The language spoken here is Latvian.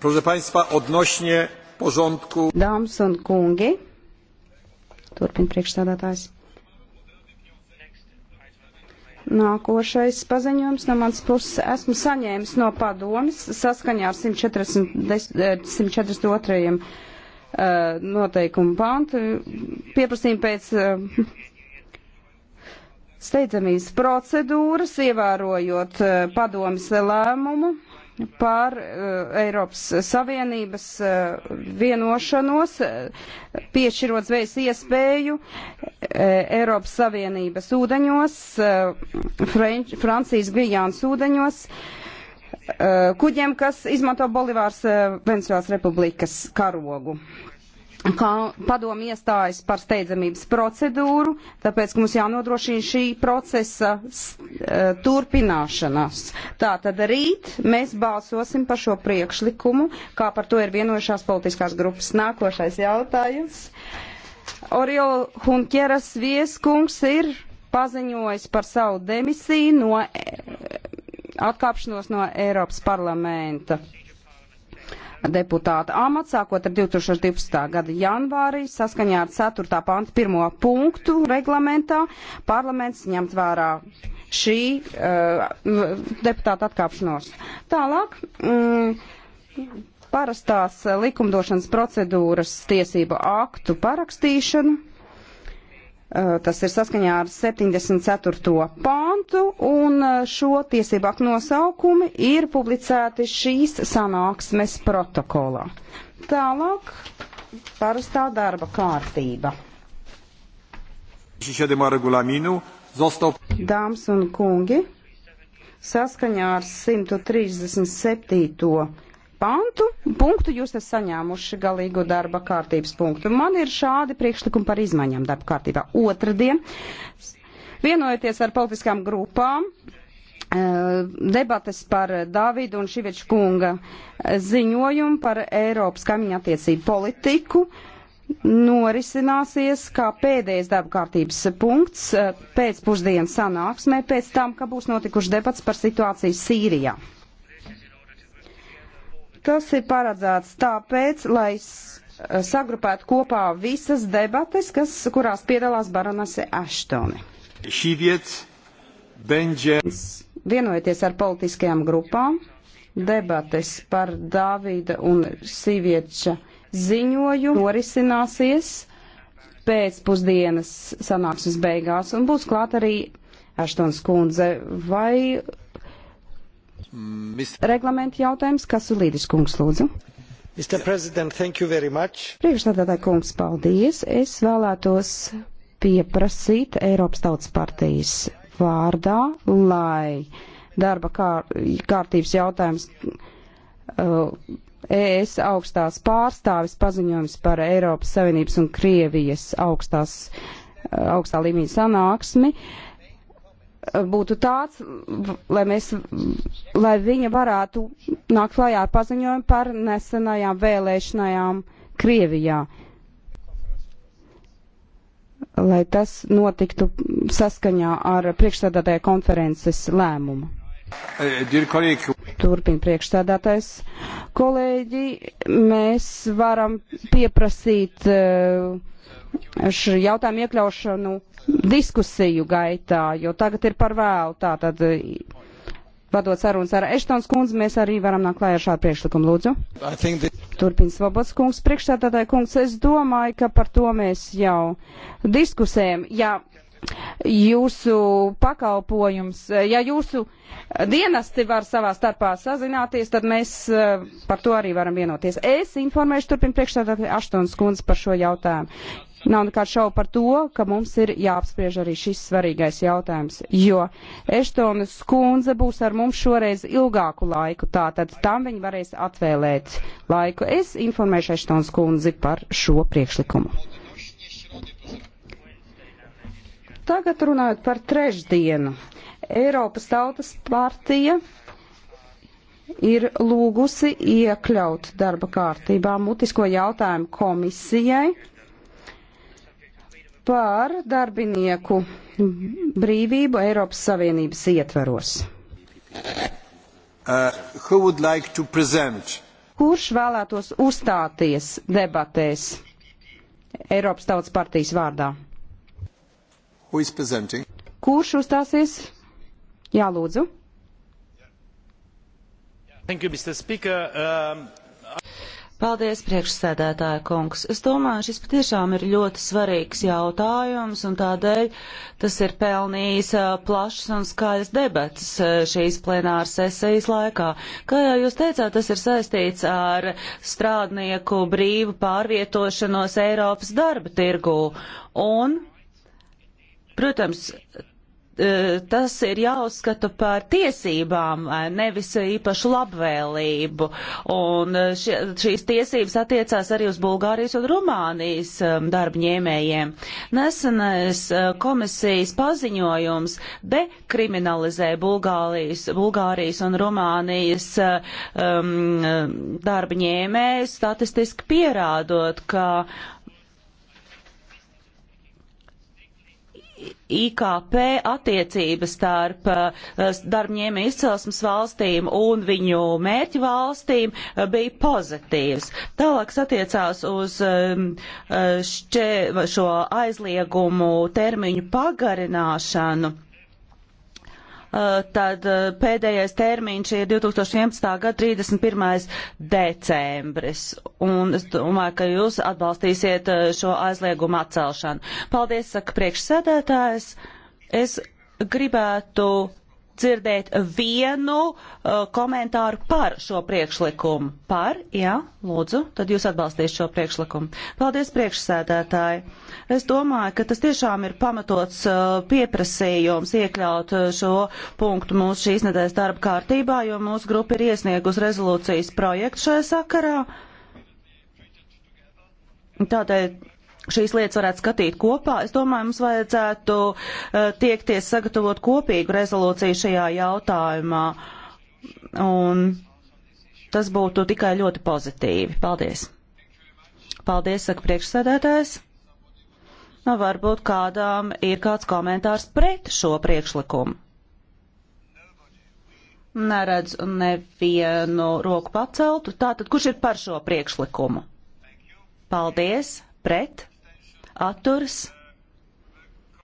Proszę Państwa, odnośnie porządku. Dāmas un kungi, turpin priekšstādātājs. Nākošais paziņojums no manas puses esmu saņēmis no padomis saskaņā ar 140, 142. Eh, noteikumu pantu pieprasījumu pēc eh, steidzamības procedūras, ievērojot eh, padomis lēmumu par uh, Eiropas Savienības uh, vienošanos, uh, piešķirot zvejas iespēju uh, Eiropas Savienības ūdeņos, uh, Frenč, Francijas Gvijānas ūdeņos, uh, kuģiem, kas izmanto Bolivārs uh, Venecijās Republikas karogu. Uh, kā padomi iestājas par steidzamības procedūru, tāpēc, ka mums jānodrošina šī procesa e, turpināšanās. Tātad rīt mēs balsosim par šo priekšlikumu, kā par to ir vienojušās politiskās grupas nākošais jautājums. Oriol Hunkieras vieskungs ir paziņojis par savu demisiju no e, atkāpšanos no Eiropas parlamenta deputāta amats sākot ar 2012. gada janvārī saskaņā ar 4. pantu 1. punktu reglamentā parlaments ņemt vērā šī uh, deputāta atkāpšanos. Tālāk. Mm, Parastās likumdošanas procedūras tiesību aktu parakstīšanu Eh, tas ir saskaņā ar 74. pāntu, un eh, šo tiesību aktu nosaukumi ir publicēti šīs sanāksmes protokolā. Tālāk parastā darba kārtība. Dāmas un kungi, saskaņā ar 137 pantu, punktu jūs esat saņēmuši galīgo darba kārtības punktu. Man ir šādi priekšlikumi par izmaiņām darba kārtībā. Otradien vienojoties ar politiskām grupām. Eh, debates par Dāvidu un Šiveču kunga ziņojumu par Eiropas kaimiņu attiecību politiku norisināsies kā pēdējais darba kārtības punkts eh, pēcpusdienas sanāksmē pēc tam, ka būs notikuši debats par situāciju Sīrijā. Tas ir paredzēts tāpēc, lai eh, sagrupētu kopā visas debates, kas, kurās piedalās baronase Aštoni. Šī vietas benģē. Vienojoties ar politiskajām grupām, debates par Dāvida un Sīvieča ziņoju norisināsies pēcpusdienas sanāksmes beigās un būs klāt arī Aštons kundze. Vai Mm, mis... Reglamenta jautājums, kas ir Līdis kungs, lūdzu. Priekšstādātāji kungs, paldies. Es vēlētos pieprasīt Eiropas Tautas partijas vārdā, lai darba kār, kārtības jautājums uh, ES augstās pārstāvis paziņojums par Eiropas Savienības un Krievijas augstās, uh, augstā līmeņa sanāksmi uh, būtu tāds, lai, mēs, lai viņa varētu nākt klajā ar paziņojumu par nesenajām vēlēšanajām Krievijā. Lai tas notiktu saskaņā ar priekšstādātāja konferences lēmumu. Uh, turpina priekšstādātais. Kolēģi, mēs varam pieprasīt eh, šo jautājumu iekļaušanu diskusiju gaitā, jo tagad ir par vēlu. Tātad, vadot sarunas ar Eštons kundzi, mēs arī varam nākt klājā ar šādu priekšlikumu, lūdzu. That... Turpin Svobods kungs, priekšstādātāja kungs, es domāju, ka par to mēs jau diskusējam. Ja jūsu pakalpojums, eh, ja jūsu dienesti var savā starpā sazināties, tad mēs eh, par to arī varam vienoties. Es informēšu turpin priekšstādātāju Aštuns kundz par šo jautājumu. Nav nekāds šaubu par to, ka mums ir jāapspriež arī šis svarīgais jautājums, jo Eštonas kundze būs ar mums šoreiz ilgāku laiku, tātad tam viņi varēs atvēlēt laiku. Es informēšu Eštonas kundzi par šo priekšlikumu. Tagad runājot par trešdienu. Eiropas Tautas partija ir lūgusi iekļaut darba kārtībā mutisko jautājumu komisijai par darbinieku brīvību Eiropas Savienības ietveros. Uh, like Kurš vēlētos uzstāties debatēs Eiropas Tautas partijas vārdā? Kurš uzstāsies? Jā, lūdzu. Thank you, Mr. Speaker. Um, Paldies, priekšsēdētāja kungs. Es domāju, šis patiešām ir ļoti svarīgs jautājums, un tādēļ tas ir pelnījis uh, plašs un skaļs debats uh, šīs plenāras sesijas laikā. Kā jau jūs teicāt, tas ir saistīts ar strādnieku brīvu pārvietošanos Eiropas darba tirgū. Un Protams, e, tas ir jāuzskata par tiesībām, e, nevis īpašu labvēlību. Un e, šie, šīs tiesības attiecās arī uz Bulgārijas un Rumānijas darbņēmējiem. Nesenais komisijas paziņojums dekriminalizē Bulgārijas, Bulgārijas un Rumānijas um, darbņēmējus, statistiski pierādot, ka IKP attiecības starp eh, darbņēmē izcelsmes valstīm un viņu mērķu valstīm eh, bija pozitīvs. Tālāk attiecās uz ehm, eh, šķē, šo aizliegumu termiņu pagarināšanu. Eh, tad eh, pēdējais termiņš ir 2011. gada 31. decembris. Un es domāju, ka jūs atbalstīsiet eh, šo aizliegumu atcelšanu. Paldies, saka priekšsēdētājs. Es gribētu dzirdēt vienu uh, komentāru par šo priekšlikumu. Par, jā, lūdzu, tad jūs atbalstīsiet šo priekšlikumu. Paldies, priekšsēdētāji. Es domāju, ka tas tiešām ir pamatots uh, pieprasījums iekļaut uh, šo punktu mūsu šīs nedēļas darba kārtībā, jo mūsu grupa ir iesniegus rezolūcijas projektu šajā sakarā. Tādēļ šīs lietas varētu skatīt kopā. Es domāju, mums vajadzētu eh, tiekties sagatavot kopīgu rezolūciju šajā jautājumā. Un tas būtu tikai ļoti pozitīvi. Paldies! Paldies, saka priekšsēdētājs. Nu, varbūt kādām ir kāds komentārs pret šo priekšlikumu. Neredzu nevienu roku paceltu. Tātad, kurš ir par šo priekšlikumu? Paldies! pret, atturas,